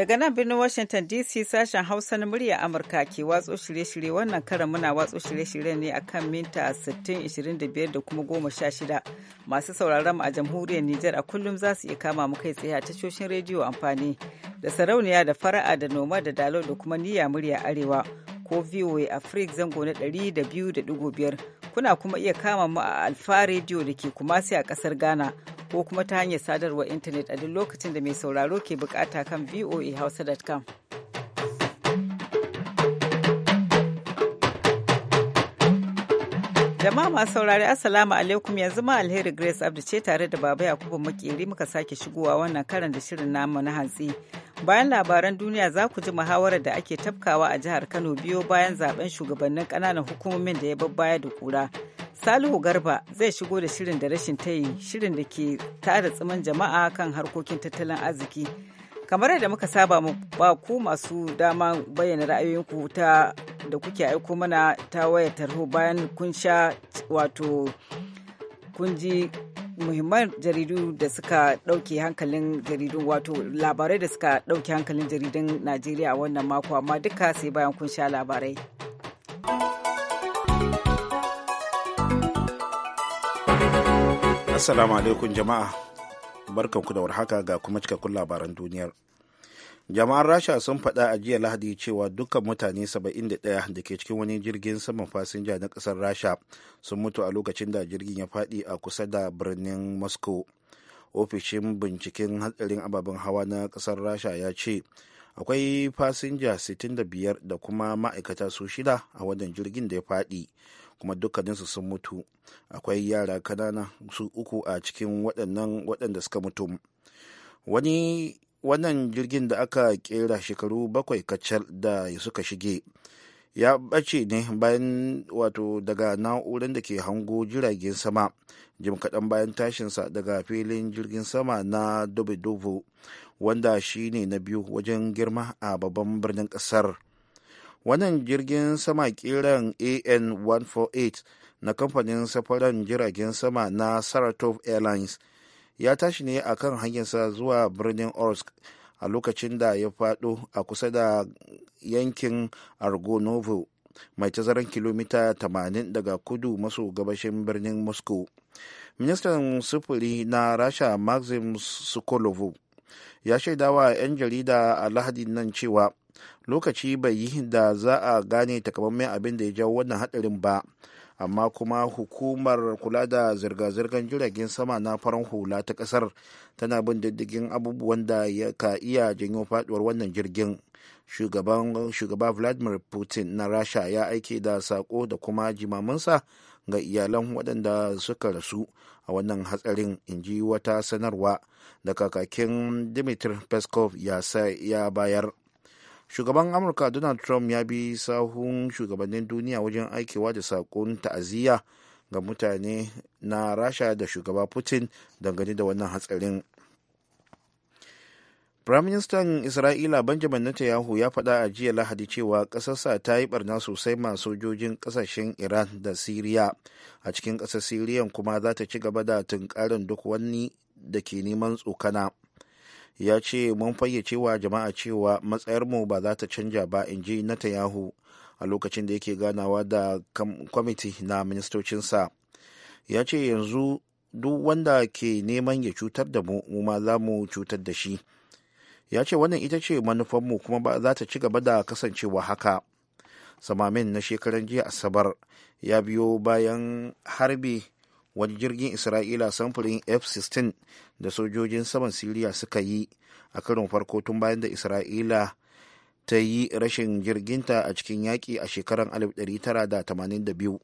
Daga nan birnin Washington DC sashen Hausa na murya Amurka ke watso shirye-shirye wannan karan muna watso shirye-shirye ne akan minta 60, 25 da kuma 16. Masu sauraron a jamhuriyar Nijar a kullum za su iya kama mu kai tsaye a tashoshin rediyo amfani da sarauniya da fara'a da noma da dalo da kuma niyya murya arewa. ko VOA Africa zango na 200.5 kuna kuma iya kama mu a Alfa Radio da ke Kumasi a kasar Ghana ko kuma ta hanyar sadarwar intanet a duk lokacin da mai sauraro ke bukata kan voahausa.com. Jama'a masu saurari Assalamu alaikum yanzu ma alheri Grace Abdu ce tare da Baba Yakubu Makeri muka sake shigowa wannan karan da shirin namu na hantsi. Bayan labaran duniya za ku ji muhawarar da ake tafkawa a jihar Kano biyo bayan zaben shugabannin kananan hukumomin da ya babbaya da kura. Salihu Garba zai shigo da shirin da rashin tayi shirin da ke tada tsimin jama'a kan harkokin tattalin arziki. Kamar da muka saba ba ku masu dama bayyana ra'ayoyinku ta da kuke aiko mana ta waya tarho bayan kun sha wato kun ji muhimman jaridu da suka ɗauke hankalin jaridun wato labarai da suka ɗauke hankalin jaridun najeriya a wannan mako amma duka sai bayan kun sha labarai assalamu alaikum jama'a barkanku da warhaka ga kuma cikakkun labaran duniyar jama'an rasha sun faɗa a jiya lahadi cewa dukkan mutane 71 da ke cikin wani jirgin saman fasinja na ƙasar rasha sun mutu a lokacin da jirgin ya faɗi a kusa da birnin moscow ofishin binciken hatsarin ababen hawa na ƙasar rasha ya ce akwai fasinja 65 da kuma ma'aikata su shida a wannan jirgin da ya faɗi kuma dukkaninsu sun mutu akwai yara kanana su uku a cikin waɗannan waɗanda suka mutu wani wannan jirgin da aka kera shekaru bakwai kacal da suka shige ya ɓace ne bayan wato daga na'urar da ke hango jiragen sama jim kaɗan bayan tashinsa daga filin jirgin sama na dobo wanda shi ne na biyu wajen girma a babban birnin ƙasar wannan jirgin sama kiran an 148 na kamfanin safaran jiragen sama na saratov airlines ya tashi ne a kan hanyarsa zuwa birnin orsk a lokacin da ya faɗo a kusa da yankin argonovo mai tazaran kilomita 80 daga kudu maso gabashin birnin moscow ministan sufuri na rasha maxim sukolovo ya shaidawa 'yan jarida a lahadin nan cewa lokaci bai yi da za a gane takamaiman abin da ya jawo wannan hadarin ba amma kuma hukumar kula da zirga-zirgar jiragen sama na farin hula ta kasar tana bin diddigin abubuwan da ka iya janyo faduwar wannan jirgin shugaba vladimir putin na rasha ya aike da sako da kuma jimaminsa ga iyalan waɗanda suka rasu a wannan hatsarin in ji wata sanarwa da kakakin dimitri peskov ya bayar shugaban amurka donald trump ya bi sahun shugabannin duniya wajen aikewa da saƙon ta'aziyya ga mutane na rasha da shugaba putin dangane da wannan hatsarin Firaministan Isra'ila Benjamin Netanyahu ya faɗa a jiya Lahadi cewa ƙasarsa ta yi barna sosai ma sojojin ƙasashen Iran da Siriya. A cikin ƙasar Siriyan kuma za ta ci gaba da tunkarin duk wani da ke neman tsokana. ya ce mun fayyace wa jama'a cewa matsayarmu ba za ta canja ba in ji Netanyahu a lokacin da yake ganawa da kwamiti na ministocinsa ya ce yanzu duk wanda ke neman ya cutar da mu mu ma za mu cutar da shi ya ce wannan ita ce manufanmu kuma ba za ta ci gaba da kasancewa haka samamin na shekaran jiya asabar ya biyo bayan harbi wani jirgin isra'ila samfurin f-16 da sojojin saman siriya suka yi a karin farko tun bayan da isra'ila ta yi rashin jirginta a cikin yaƙi a shekarar 1982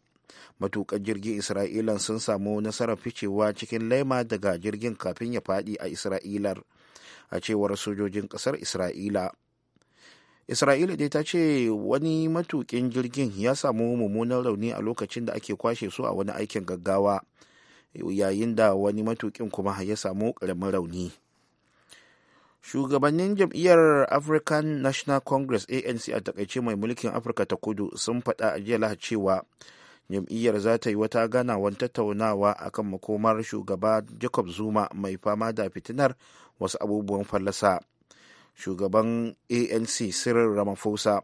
matukan jirgin isra'ila sun samu nasarar ficewa cikin laima daga jirgin kafin ya faɗi a isra'ilar a cewar sojojin ƙasar isra'ila isra'ila dai ta ce wani matukin jirgin ya samu mummunan rauni a lokacin da ake kwashe su a wani aikin gaggawa yayin da wani matukin kuma ya samu karamin rauni shugabannin jam'iyyar african national congress anc a takaice mai mulkin afirka ta kudu sun faɗa a jiya lahar cewa jam'iyyar za ta yi wata ganawar tattaunawa a kan makomar shugaba jacob zuma mai fama da fitinar wasu abubuwan fallasa shugaban anc cyril ramaphosa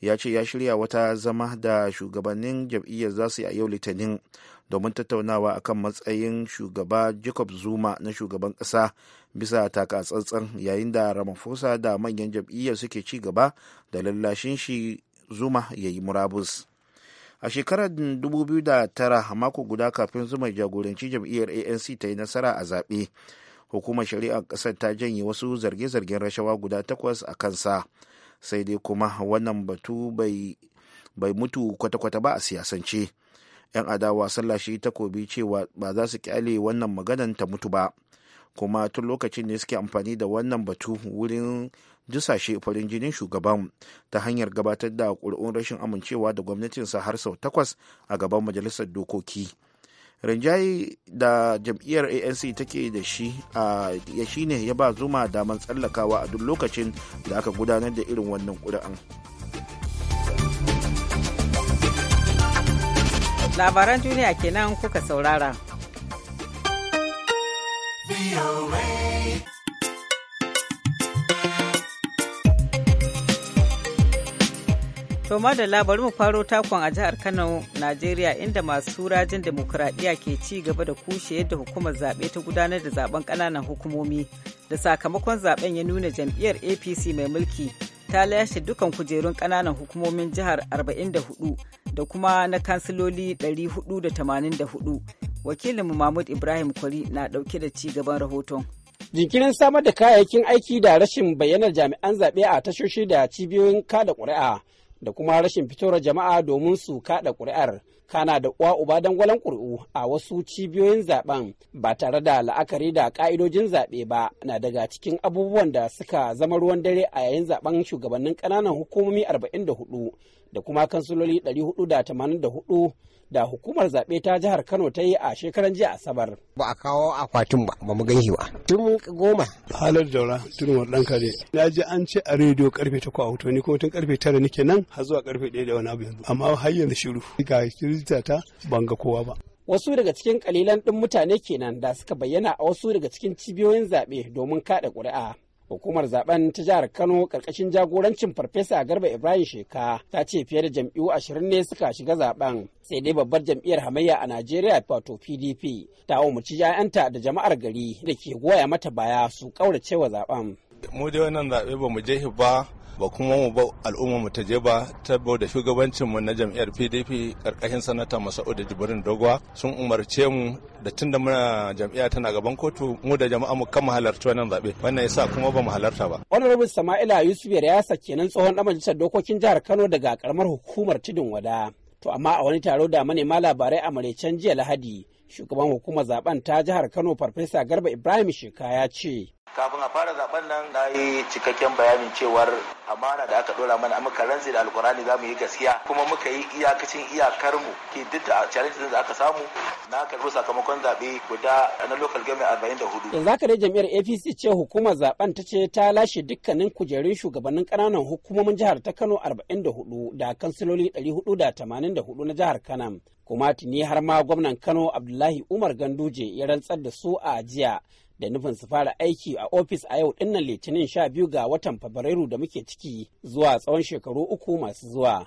ya ce ya shirya wata zama da shugabannin jam'iyyar za su yi a yau litinin domin tattaunawa akan matsayin shugaba jacob zuma na shugaban ƙasa bisa takatsantsan yayin da ramaphosa da manyan jam'iyyar suke ci gaba da lallashin shi zuma ya yi murabus a shekarar 2009 mako guda kafin zuma jagoranci jam'iyyar anc ta yi nasara a zaɓe hukumar shari'ar ƙasar ta janye wasu zarge-zargen rashawa guda takwas a kansa sai dai kuma wannan batu bai mutu kwata-kwata ba a siyasance yan adawa sun lashe takobi cewa ba za su kyale wannan maganan ta mutu ba kuma tun lokacin ne suke amfani da wannan batu wurin jisashe farin jinin shugaban ta hanyar gabatar da ƙuri'un rashin amincewa da gwamnatinsa har sau takwas a gaban majalisar dokoki rinjaye da jam'iyyar anc take da shi ya shi ne ya ba zuma damar tsallakawa a duk lokacin da aka gudanar da irin wannan ƙuri'an labaran duniya kenan kuka saurara. To madalla bari mu faro takon a jihar Kano, Najeriya inda masu rajin demokuraɗiyya ke ci gaba da kushe yadda hukumar zaɓe ta gudanar da zaben ƙananan hukumomi da sakamakon zaben ya nuna jam'iyyar APC mai mulki ta lashe dukan kujerun ƙananan hukumomin jihar 44 da kuma na kansiloli 484. Wakilinmu Mahmud Ibrahim Kwari na ɗauke da ci gaban rahoton. jinkirin samar da kayayyakin aiki da rashin bayyanar jami'an zaɓe a tashoshi da cibiyoyin kada ƙuri'a da kuma rashin fitowar jama'a domin su kada ƙuri'ar kana da uwa uba gwalan ƙuri'u a wasu cibiyoyin zaben ba tare da la'akari da ƙa'idojin zaɓe ba na daga cikin abubuwan da suka zama ruwan dare a yayin zaben shugabannin ƙananan hukumomi 44 da kuma kansuloli 484 da hukumar zaɓe ta jihar Kano ta yi a shekaran jiya Asabar. Ba a kawo akwatin ba, ba mu gan shi ba. Tun goma. Halar Jaura, tun ɗan kare. Na ji an ce a rediyo karfe ta kwa hoto ni kuma tun karfe tara nake nan har zuwa karfe ɗaya da wani abu yanzu. Amma har yanzu shiru. Ga kirista ta ban ga kowa ba. wasu daga cikin kalilan ɗin mutane kenan da suka bayyana a wasu daga cikin cibiyoyin zaɓe domin kaɗa ƙuri'a. hukumar zaben ta jihar kano karkashin jagorancin farfesa garba ibrahim sheka ta ce fiye da jam'iyyu ashirin ne suka shiga zaben sai dai babbar jam'iyyar hamayya a najeriya wato pdp ta umarci 'ya'yanta da jama'ar gari da ke goya mata baya su kaurace wa zaben mu dai wannan zaɓe ba mu je ba ba kuma mu ba al'umma mu ta je ba da shugabancin mu na jam'iyyar PDP karkashin sanata Masaudu Jibrin Dogwa sun umarce mu da tunda muna jam'iyya tana gaban kotu mu da jama'a mu kan mu halarci wannan zabe wannan yasa kuma ba mu halarta ba Honorable Sama'ila Yusuf ya kenan tsohon dan majalisar dokokin jihar Kano daga karamar hukumar Tudun Wada to amma a wani taro da manema labarai a maraicen jiya Lahadi shugaban hukumar zaben ta jihar Kano Farfesa Garba Ibrahim Sheka ya ce kafin a fara zaben nan na yi cikakken bayanin cewar amana da aka dora mana muka rantsi da alkurani za mu yi gaskiya kuma muka yi iyakacin iyakarmu ke duk da challenge da aka samu na karbi sakamakon zaɓe guda na local government arba'in yanzu haka dai jam'iyyar apc ce hukumar zaben ta ce ta lashe dukkanin kujerun shugabannin kananan hukumomin jihar ta kano 44 da kansiloli 484 na jihar kano kuma tuni har ma gwamnan kano abdullahi umar ganduje ya rantsar da su a jiya da nufin su fara aiki a ofis a yau dinnan litinin sha biyu ga watan fabrairu da muke ciki zuwa tsawon shekaru uku masu zuwa.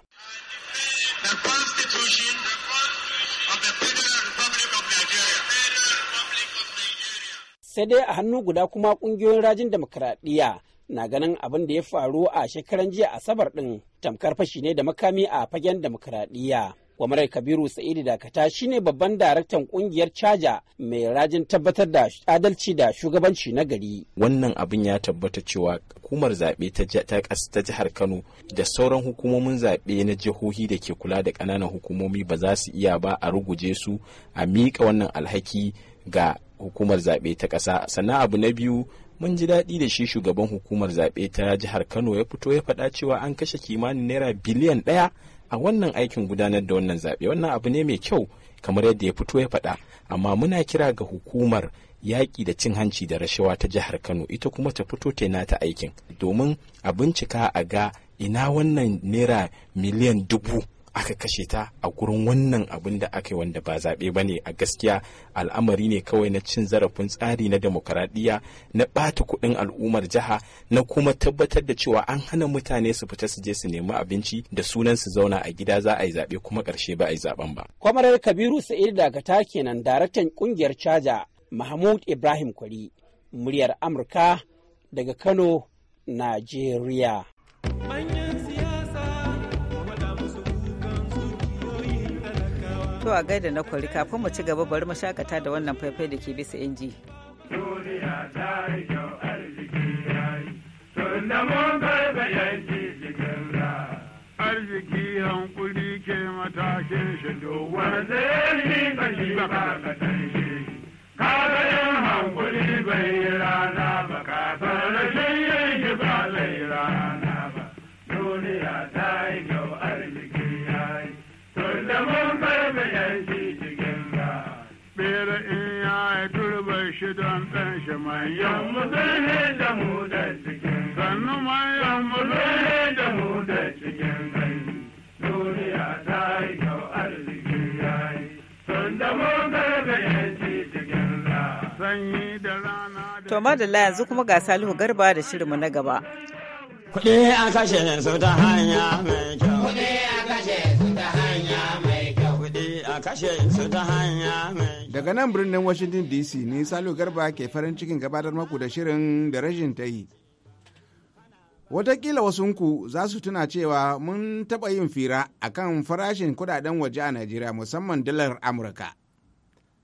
Sai dai a hannu guda kuma kungiyoyin rajin demokuraɗiyya na ganin abin da ya faru a shekaran jiya asabar ɗin tamkar fashi ne da makami a fagen demokuraɗiyya. Kwamarar Kabiru Sa'idu Dakata shine babban daraktan kungiyar Caja mai rajin tabbatar da adalci da shugabanci na gari. Wannan abin ya tabbata cewa hukumar zaɓe ta jihar Kano da sauran hukumomin zaɓe na jihohi da ke kula da ƙananan hukumomi ba za su iya ba a ruguje su a miƙa wannan alhaki ga hukumar zaɓe ta ƙasa. Sannan abu na biyu mun ji daɗi da shi shugaban hukumar zaɓe ta jihar Kano ya fito ya faɗa cewa an kashe kimanin naira biliyan ɗaya a wannan aikin gudanar da wannan zaɓe wannan abu ne mai kyau kamar yadda ya fito ya faɗa amma muna kira ga hukumar yaƙi da cin hanci da rashawa ta jihar kano ita kuma ta fito ta nata aikin domin a bincika a ga ina wannan naira miliyan dubu aka kashe ta a gurin wannan abin da aka yi wanda ba zaɓe ba ne a gaskiya al'amari ne kawai na cin zarafin tsari na demokaradiyya na ɓata kuɗin al'ummar jiha na kuma tabbatar da cewa an hana mutane su fita su je su nemi abinci da sunan su zauna a gida za a yi zaɓe kuma ƙarshe ba a yi zaɓen ba. kwamarar kabiru sa'id ta kenan daraktan ƙungiyar caja mahmud ibrahim kwari muryar amurka daga kano najeriya. To a gaida na kwari kafin mu ci gaba bari mu shakata da wannan faifai da ke bisa inji. Duniya ta yi kyau arziki ya yi, tun da mun karɓe yanki cikin ra. Arziki hankuli ke matakin shi dowar zai yi kashi ba ka kasan shi. Kaga yin hankuli bai yi rana ba. shi don ɗan shi manyan mu zai da mu da cikin sannu manyan mu zai da mu da cikin gani duniya ta yi kyau arziki ya yi sun da mu garga yanci cikin za sanyi da rana to madalla yanzu kuma ga salihu garba da shirinmu na gaba kuɗi a kashe su ta hanya mai kyau kuɗi a kashe su ta hanya mai kyau kuɗi a kashe su ta hanya mai Daga nan birnin Washington DC ne Salo Garba ke farin cikin gabatar maku da shirin da rashin ta yi. watakila wasunku za su tuna cewa mun taɓa yin fira a kan farashin kudaden waje a Najeriya musamman dalar Amurka.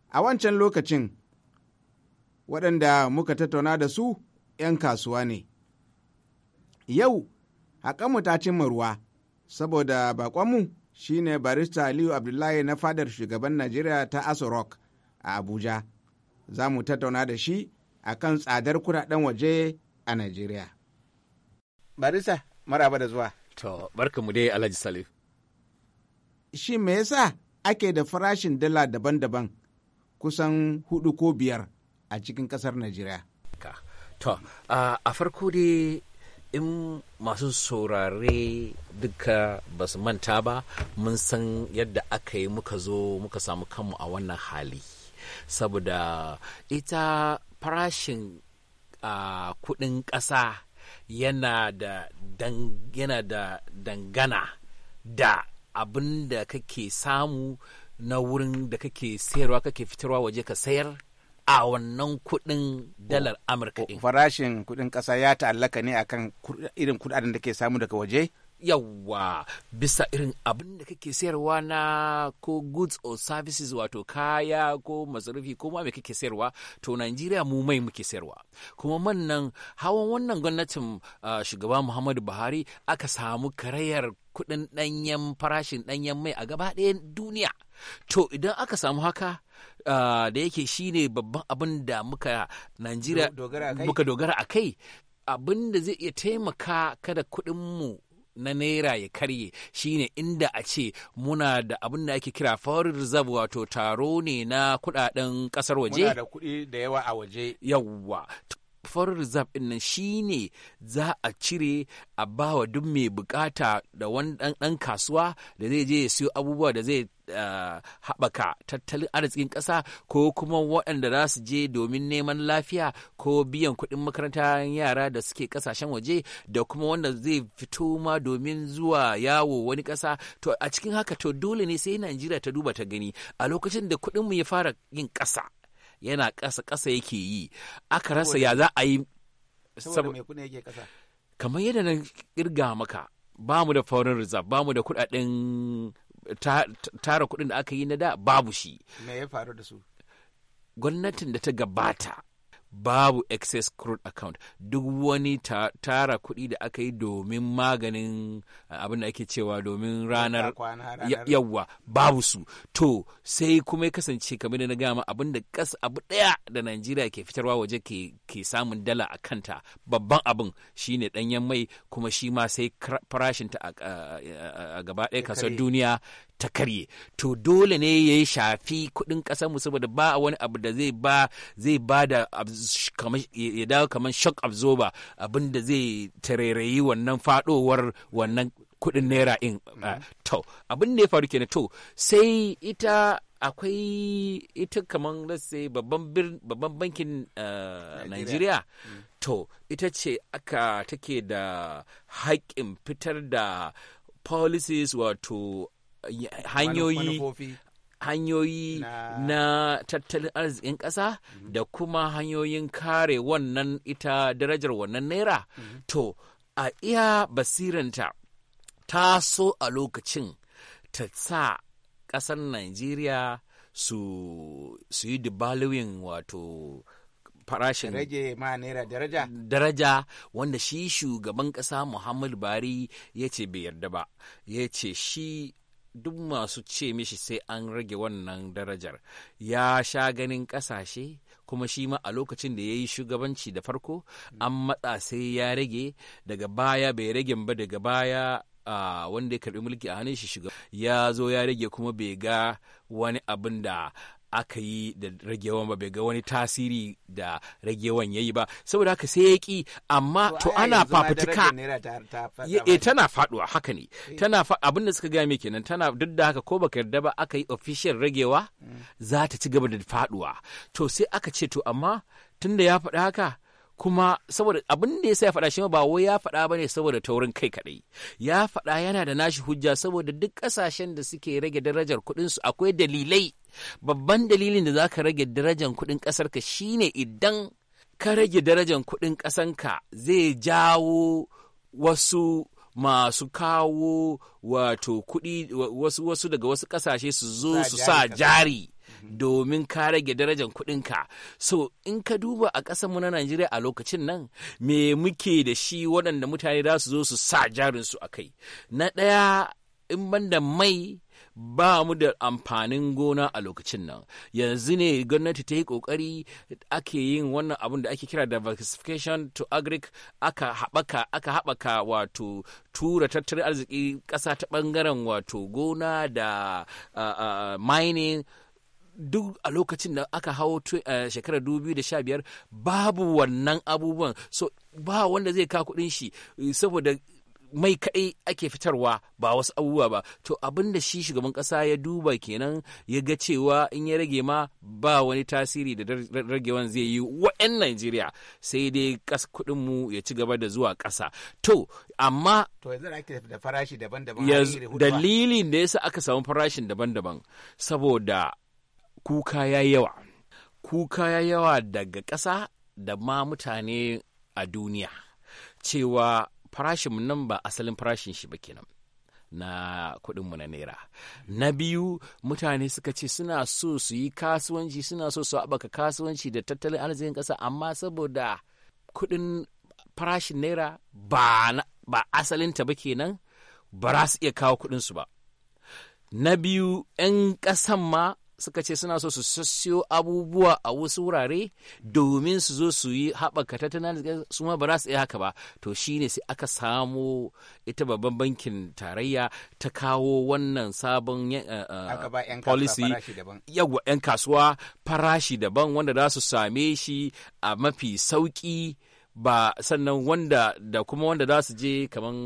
A wancan lokacin, waɗanda muka tattauna da su ‘yan kasuwa ne. Yau, mu ta cimma ruwa, saboda baƙonmu shine barista Aliyu Abdullahi na fadar shugaban Najeriya ta Aso Rock, a Abuja. Za mu tattauna da shi a kan tsadar kudaden waje a Najeriya. Barisa, maraba da zuwa. To, barka mu dai Alhaji Salif. Shi me yasa ake da farashin dala daban-daban kusan hudu ko biyar a cikin ƙasar Najeriya? To, a farko dai in masu saurare duka ba su manta ba mun san yadda aka yi muka zo muka samu kanmu a wannan hali saboda ita farashin uh, kudin ƙasa yana da, dang, da dangana da abin da kake samu na wurin da kake sayarwa kake fitarwa waje ka sayar a wannan kuɗin dalar amurka farashin kuɗin ƙasa ya ta'allaka ne akan irin kudaden da ke samu daga waje yawwa bisa irin abin da kake sayarwa na ko goods or services wato kaya ko masarufi ko ma me kake sayarwa to Najeriya mu mai muke sayarwa kuma mannan hawan wannan gwamnatin uh, shugaba Muhammadu Buhari aka samu karayar kuɗin ɗanyen farashin ɗanyen mai a gaba ɗayan duniya to idan aka samu haka uh, da yake shine babban abin da muka Najeriya muka dogara a kai abin da zai iya taimaka kada mu. na naira ya karye shine inda a ce muna da abin da ake kira foreign reserve wato taro ne na kudaden kasar waje muna da kuɗi da yawa a waje yawwa foreign reserve din nan shine za a cire a bawa duk mai bukata da wani dan kasuwa da zai je ya siyo abubuwa da zai Uh, haɓaka tattalin arzikin ƙasa ko kuma waɗanda za su je domin neman lafiya ko biyan kuɗin makarantar yara da suke ƙasashen waje da kuma wanda zai fito ma domin zuwa yawo wani ƙasa to a cikin haka to dole ne sai najeriya ta duba ta gani a lokacin da kuɗinmu ya fara yin ƙasa yana ƙasa ƙasa yake yi aka rasa ya za a yi kamar yadda na ƙirga maka ba mu da foreign reserve ba mu da kudaden tara kudin da aka yi na da babu shi me ya faru da su gwamnatin da ta gabata babu excess crude account duk wani ta, tara kuɗi da aka yi domin maganin uh, abin da ake cewa domin ranar yawwa babu su to sai kuma ya kasance kamar da na gama abin da kas abu ɗaya da najeriya ke fitarwa waje ke, ke samun dala a kanta babban abin shine ɗanyen mai kuma shi ma sai farashinta a, gaba ɗaya kasar duniya ta karye to dole ne ya shafi kuɗin ƙasar mu saboda ba wani abu da zai ba zai ba da ya dawo kamar shock absorber abin da zai tarairayi wannan faɗowar wannan kuɗin naira in mm-hmm. to abin da ya faru kenan to sai ita akwai ita kamar sai babban bankin uh, Najeriya mm. to ita ce aka take da haƙƙin fitar da policies wato hanyoyi hanyoyi na tattalin arzikin ƙasa mhm. da kuma hanyoyin kare wannan ita darajar wannan naira mhm. to a iya basiranta ta so a lokacin ta sa ƙasar Najeriya su yi dubaluwin wato farashin rage ma naira daraja daraja wanda shi shugaban ƙasa Muhammadu Bari ya ce bai yarda ba ya ce shi duk masu ce mishi sai an rage wannan darajar ya sha ganin ƙasashe kuma shi ma a lokacin da ya yi shugabanci da farko an matsa sai ya rage daga baya bai rage ba daga baya wanda ya karbi mulki a hannun shi shiga ya zo ya rage kuma bai ga wani abin da aka yi da ragewan ba bai ga wani tasiri da ragewan yayi ba saboda haka sai ya ki amma to ana fafutuka e tana faduwa haka ne eh. tana abin da suka gaya mai kenan tana duk da haka ko baka yarda ba aka yi official ragewa mm. za ta ci gaba da faduwa to sai aka ce to amma tunda ya faɗi haka kuma saboda abin da ya sa ya faɗa shi ba wai ya faɗa ba ne saboda taurin kai kaɗai ya faɗa yana da nashi hujja saboda duk ƙasashen da suke rage darajar kuɗinsu akwai dalilai babban dalilin da za ka rage darajar kuɗin ƙasarka shine idan ka rage darajar kuɗin ƙasanka zai jawo wasu masu kawo wato kuɗi wasu, wasu daga wasu ƙasashe su zo su sa jari mm-hmm. domin ka rage darajar kuɗinka so in ka duba a ƙasarmu na najeriya a lokacin nan me muke da shi waɗanda mutane za su zo su sa jarinsu a kai na ɗaya in banda mai ba mu da amfanin gona a lokacin nan yanzu ne gwamnati ta yi kokari ake yin wannan abun da ake kira diversification to agric aka haɓaka aka haɓaka wato tura tattalin arziki ƙasa ta ɓangaren wato gona da uh, mining duk a lokacin da aka hawo eh, shekarar 2015 babu wannan abubuwan so ba wanda zai ka kuɗin shi eh, saboda mai kaɗai ake fitarwa ba wasu abubuwa ba to abin da shi shugaban ƙasa ya duba kenan ya ga cewa in ya rage ma ba wani tasiri da ragewan zai yi wa'yan Najeriya sai dai kuɗin mu ya ci gaba da zuwa ƙasa to amma to yanzu ake da farashi daban-daban dalilin da yasa aka samu farashin daban-daban saboda kuka ya yawa kuka ya yawa daga ƙasa da ma mutane a duniya cewa farashin mu nan ba asalin farashin shi ba kenan na kuɗinmu na naira na biyu mutane suka ce suna so su yi kasuwanci suna so su haɓaka kasuwanci da tattalin arzikin ƙasa amma saboda kuɗin farashin naira ba asalinta ba kenan ba za su iya kawo kuɗinsu ba na biyu 'yan ƙasan ma suka ce suna so su sassiyo abubuwa a wasu wurare domin su zo su yi haɓaka tattalin arziki su ma ba za su iya haka ba to shine sai aka samo ita babban bankin tarayya ta kawo wannan sabon eh, eh, policy yawa 'yan kasuwa farashi daban wanda za su same shi a mafi sauƙi ba sannan wanda da kuma wanda za su je kaman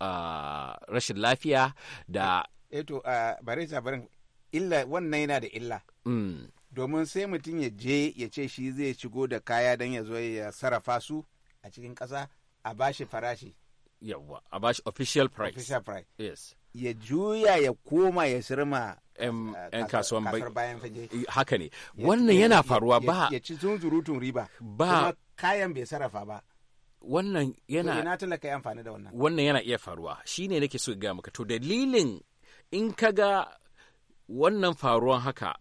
ah, rashin lafiya da eto eh, uh, ah, bare barin illa wannan yana da illa mm. domin sai mutum ya je ya ce shi zai shigo da kaya don ya zo ya sarrafa su a cikin ƙasa a bashi farashi yawwa a bashi official price official price yes ya juya ya koma ya sirma eh, yan kasuwan bayan fage haka ne wannan yana faruwa ba ya ci zunzurutun riba ba kayan bai sarrafa ba wannan yana ina talaka yi amfani da wannan wannan yana iya faruwa shine nake so ga maka to dalilin in kaga wannan faruwan haka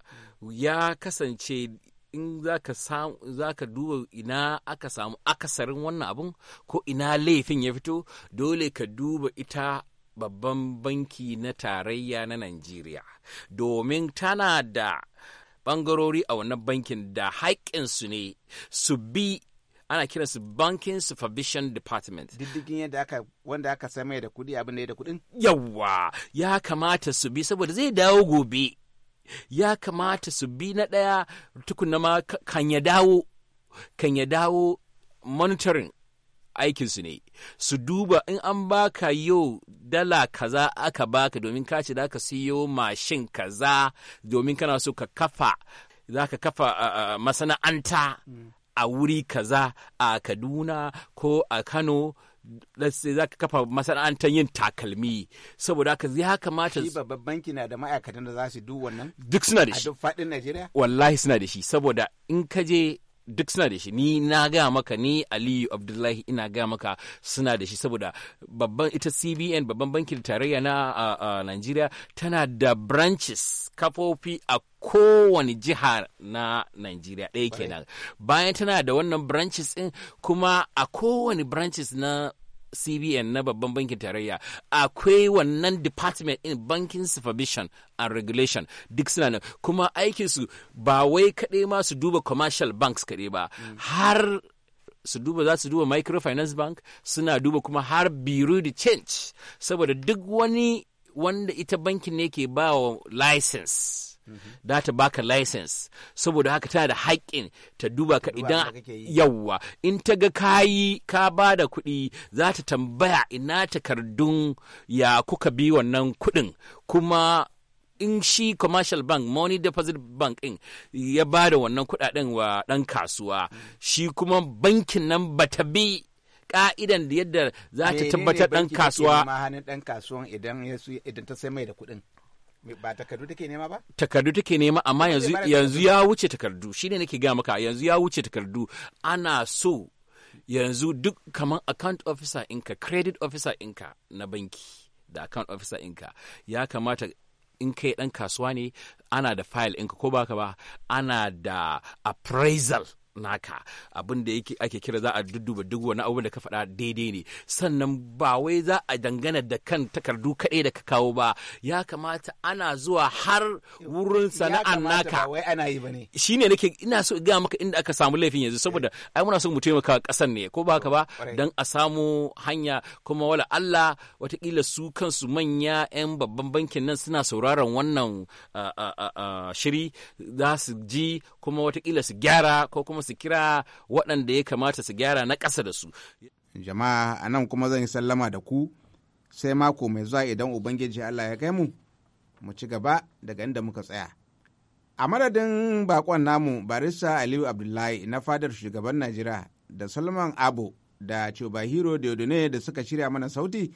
ya kasance in za ka duba ina aka samu akasarin wannan abun ko ina laifin ya fito dole ka duba ita babban banki na tarayya na Najeriya domin tana da ɓangarori a wannan bankin da haƙƙinsu ne su bi ana kiransu banking supervision department diddigin yadda aka wanda aka same da kuɗi abin da ya da kudin yawa ya kamata su bi saboda zai dawo gobe ya kamata su bi na ɗaya tukuna ma kan ya dawo kan ya dawo monitoring aikinsu ne su duba in an baka yau dala kaza aka baka domin ka ce za ka siyo mashin kaza domin kana so ka kafa za ka kafa masana'anta mm. a wuri kaza a Kaduna ko a Kano sai za ka kafa masana'antar yin takalmi saboda haka ya kamata shi babban banki da ma'aikatan da za su duk wannan duk suna da shi a duk faɗin Najeriya wallahi suna da shi saboda in ka je duk suna da shi ni na gaya maka ni aliyu abdullahi ina gaya maka suna da shi saboda babban ita cbn babban bankin tarayya na uh, nigeria tana da branches kafofi a kowane jiha na Najeriya ɗaya kenan bayan tana da wannan branches ɗin kuma a kowane branches na cbn na babban bankin tarayya akwai wannan department in banking supervision and regulation duk suna nan kuma aikinsu ba wai kaɗai ma su duba commercial banks kaɗai ba har su duba za su duba microfinance bank suna duba kuma har biru da change saboda duk wani wanda ita bankin ne ke ba wa license da ta baka license saboda haka tana da haƙƙin ta duba ka idan yawwa in ta ga kayi ka ba da kuɗi za ta tambaya ina takardun ya kuka bi wannan kuɗin kuma in shi commercial bank money deposit bank in ya ba da wannan kuɗaɗen wa ɗan kasuwa shi kuma bankin nan ba ta bi ka'idan da yadda za ta tabbatar ɗan kasuwa idan ta sai mai da kuɗin ba takardu take nema ba takardu take nema amma yanzu ya wuce takardu shine nake ga maka yanzu ya wuce takardu ana so yanzu duk kamar account officer inka credit officer inka na banki da account officer inka ya kamata in kai dan kasuwa ne ana da file inka ko baka ba ana da appraisal naka abin da ake kira za a dudduba duk wani abubuwan da ka faɗa daidai ne sannan ba wai za a dangana da kan takardu kaɗai da ka kawo ba ya kamata ana zuwa har wurin sana'an naka shi ne shine nake ina so ga maka inda aka samu laifin yanzu saboda ai muna so mu taimaka kasan ne ko ba haka ba dan a samu hanya kuma wala Allah watakila su kansu manya 'yan babban bankin nan suna sauraron wannan ah, ah, ah, shiri za su ji kuma watakila su gyara ko kuma su kira waɗanda ya kamata su gyara na ƙasa da su. Jama'a a nan kuma zan yi sallama da ku sai mako mai zuwa idan Ubangiji Allah ya kai mu, mu ci gaba daga inda muka tsaya. A madadin baƙon namu barista Aliyu Abdullahi na fadar shugaban Najeriya da Salman Abo da da Deodone da suka shirya mana sauti,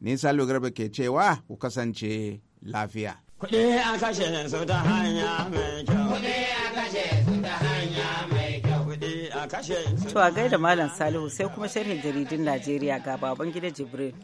ni Salo Garba ke cewa ku kasance lafiya. Kuɗi a kashe su ta hanya mai kyau. To a gaida Malam Salihu sai kuma sharhin jaridun Najeriya ga baban gida Jibril.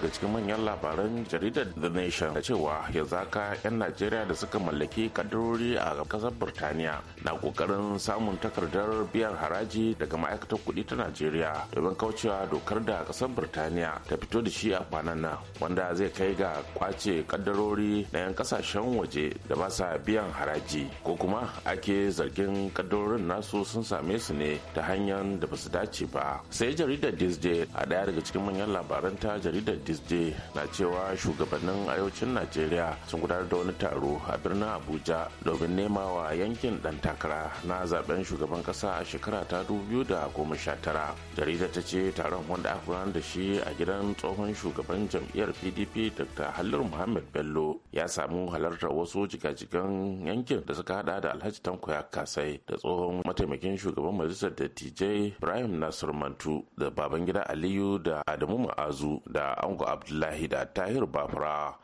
daga cikin manyan labaran jaridar The Nation da cewa yanzu haka 'yan Najeriya da suka mallaki kadarori a kasar birtaniya na kokarin samun takardar biyan haraji daga ma'aikatar kuɗi ta Najeriya domin kaucewa dokar da kasar birtaniya ta fito da shi a kwanan nan wanda zai kai ga kwace kadarori na 'yan kasashen waje da ba sa biyan haraji ko kuma ake zargin kadarorin nasu sun same su ne ta hanyar da ba su dace ba sai jaridar Disney a daya daga cikin manyan labaran ta jaridar Gizje na cewa shugabannin arewacin Najeriya sun gudanar da wani taro a birnin Abuja domin nema wa yankin ɗan takara na zaben shugaban ƙasa a shekara ta 2019. Jarida ta ce taron wanda aka gudanar da shi a gidan tsohon shugaban jam'iyyar PDP Dr. halir Muhammad Bello ya samu halartar wasu jigajigan yankin da suka hada da Alhaji Tanko Kasai da tsohon mataimakin shugaban majalisar dattijai Ibrahim Nasir Mantu da baban Babangida Aliyu da Adamu Ma'azu da an. Mago Abdullahi da Tahir Bafra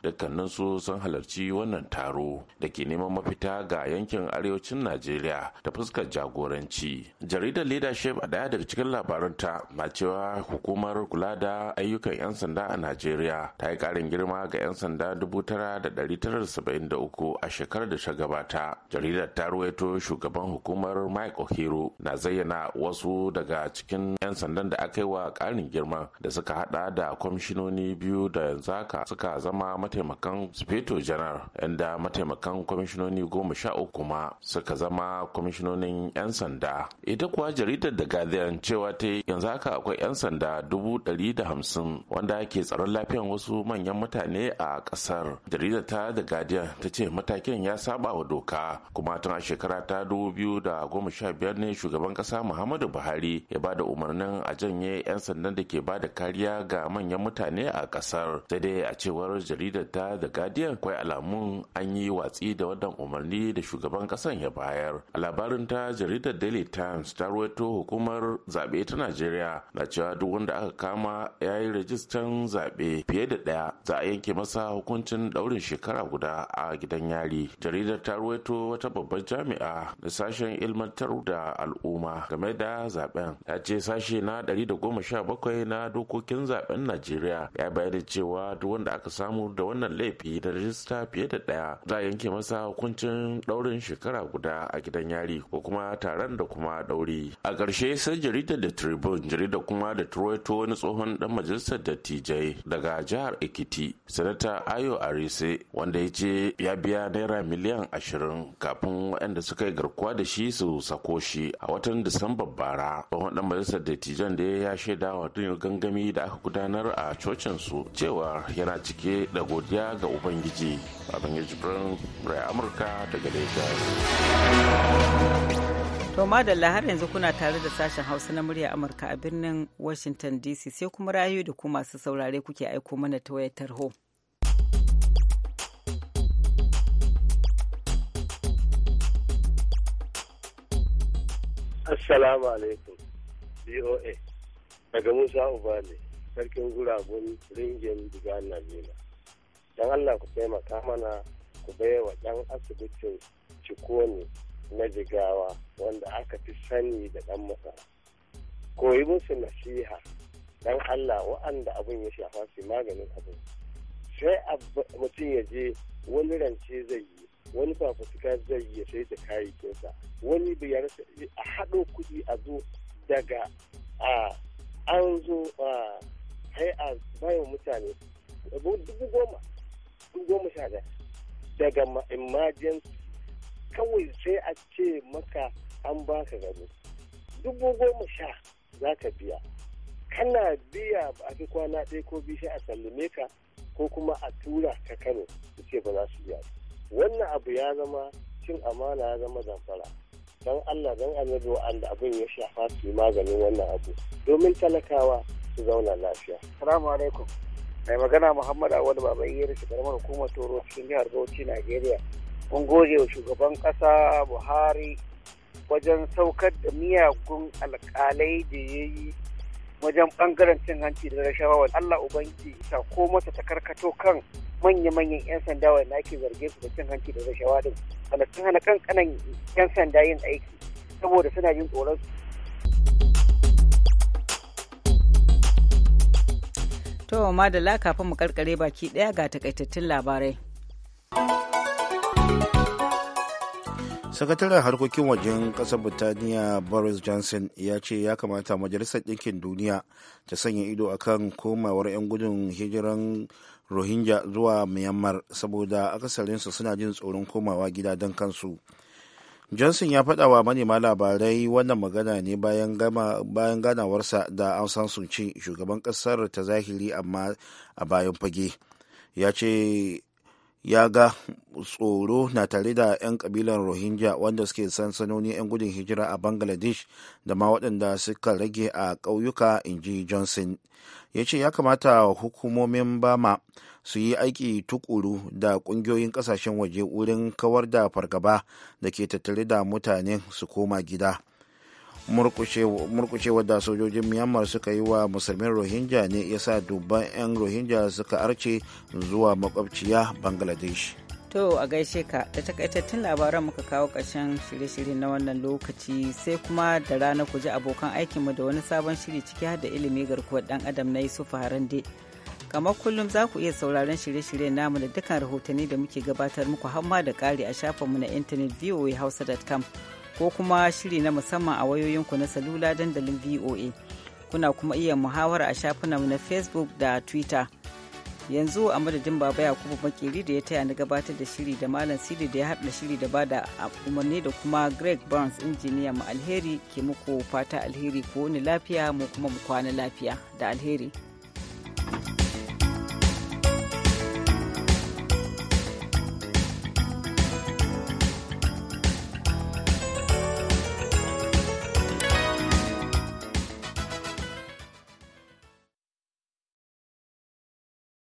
su sun halarci wannan taro da ke neman mafita ga yankin arewacin Najeriya da fuskar jagoranci. Jaridar Leadership a daya daga cikin ta na cewa hukumar kula da ayyukan 'yan sanda a Najeriya ta yi karin girma ga 'yan sanda 9,973 a shekarar da ta gabata. Jaridar ta ruwaito shugaban hukumar Mike Ohiro na zayyana wasu daga cikin 'yan sandan da aka yi wa karin girma da suka hada da kwamishinoni biyu da yanzu haka suka zama mataimakan sufeto janar inda mataimakan kwamishinoni goma sha uku kuma suka zama kwamishinonin 'yan sanda ita kuwa jaridar da guardian cewa ta yanzu haka akwai 'yan sanda dubu ɗari da hamsin wanda ke tsaron lafiyan wasu manyan mutane a ƙasar jaridar ta da guardian ta ce matakin ya saba wa doka kuma tun a shekara ta dubu biyu da goma sha biyar ne shugaban ƙasa muhammadu buhari ya ba da umarnin a janye 'yan sandan da ke ba da kariya ga manyan mutane a kasar sai dai a cewar jaridar ta da guardian kwai alamun an yi watsi da wannan umarni da shugaban kasar ya bayar a labarin ta jaridar daily times ta ruwaito hukumar zaɓe ta najeriya na cewa duk wanda aka kama ya yi rajistan zaɓe fiye da ɗaya za a yanke masa hukuncin ɗaurin shekara guda a gidan yari jaridar ta ruwaito wata babbar jami'a da sashen ilmantar da al'umma game da zaben Ya ce sashe na 117 na dokokin zaben najeriya ya ya bayar cewa duk wanda aka samu da wannan laifi da rajista fiye da ɗaya za a yanke masa hukuncin daurin shekara guda a gidan yari ko kuma taron da kuma dauri? a ƙarshe sai jaridar da tribune jaridar kuma da troito wani tsohon dan majalisar dattijai daga jihar ekiti sanata ayo arise wanda ya ce ya biya naira miliyan ashirin kafin waɗanda suka yi garkuwa da shi su sako shi a watan disamba bara tsohon dan majalisar dattijan da ya shaida wa gangami da aka gudanar a cocin su cewa yana cike da godiya ga ubangiji abin jibirin rai amurka daga lagos to madalla har yanzu kuna tare da sashen hausa na murya amurka a birnin washington dc sai kuma rayu da ku masu saurare kuke aiko mana ta wayar tarho assalamu alaikum boa daga musa ne. sarkin guragun ringin diga najeriya don allah ku taimaka mana ku baiwa ɗan asibitin cikoni na jigawa wanda aka fi sani da ɗan masara koyi musu nasiha don allah wa'anda abin ya shafa su maganin abin sai mutum ya je wani rance zai yi wani fafutuka zai yi sai da kayayyakinsa wani biyar a haɗo kuɗi a zo daga a an zo a sai a bayan mutane dubu goma goma sha ɗaya daga emergency kawai sai a ce maka an ba ka gani dubu goma sha za ka biya kana biya a fi kwana ɗaya ko biyu sai a sallame ka ko kuma a tura ka kano su ce ba za su biya wannan abu ya zama cin amana ya zama zamfara don allah don annabi wa'anda abin ya shafa su maganin wannan abu domin talakawa su zauna lafiya. Salamu alaikum. Mai magana Muhammad Awad baba Yeri shi karamar hukumar Toro cikin jihar Bauchi, Najeriya. Mun goge wa shugaban ƙasa Buhari wajen saukar da miyagun alƙalai da ya yi wajen ɓangaren cin hanci da rashawa Allah Ubangi ta ko masa ta karkato kan manya-manyan 'yan sanda wanda ake zarge su da cin hanci da rashawa din. Wanda sun hana kankanan 'yan sanda yin aiki saboda suna yin tsoron To madala kafin mu karkare baki ɗaya ga takaitattun labarai. sakataren harkokin wajen ƙasar birtaniya boris johnson ya ce ya kamata majalisar ɗinkin duniya ta sanya ido a kan komawar 'yan gudun hijiran rohingya zuwa myanmar saboda akasarinsu suna jin tsoron komawa gida don kansu johnson ya faɗa wa manema labarai wannan magana ne bayan ganawarsa da an san sunci shugaban ƙasar ta zahiri amma a bayan fage ya ce ya ga tsoro na tare da 'yan kabilan rohingya wanda suke sansanoni 'yan gudun hijira a bangladesh da ma waɗanda suka rage a ƙauyuka inji johnson ya ce ya kamata hukumomin bama su yi aiki tukuru da ƙungiyoyin ƙasashen waje wurin kawar da fargaba da ke tattare da mutane su koma gida murkushewa da sojojin myanmar suka yi wa musulmin rohingya ne ya sa dubban 'yan rohingya suka arce zuwa makwabciya bangladesh To a gaishe ka da takaitattun labaran muka kawo ƙarshen shirye-shirye na wannan lokaci sai kuma da rana ku ji abokan aikinmu da wani sabon shiri ciki har da ilimi garkuwar dan adam na Yusuf Harande. kamar kullum za ku iya sauraron shirye-shiryen namu da dukkan rahotanni da muke gabatar muku hamma da ƙari a shafinmu na intanet voahausa.com ko kuma shiri na musamman a wayoyinku na salula dandalin voa kuna kuma iya muhawara a shafinmu na facebook da twitter yanzu a madadin baba yakubu makeri da ya taya na gabatar da shiri da malam sidi da ya haɗa shiri da ba da umarni da kuma greg burns injiniya mu alheri ke muku fata alheri ko wani lafiya mu kuma mu kwana lafiya da alheri thank you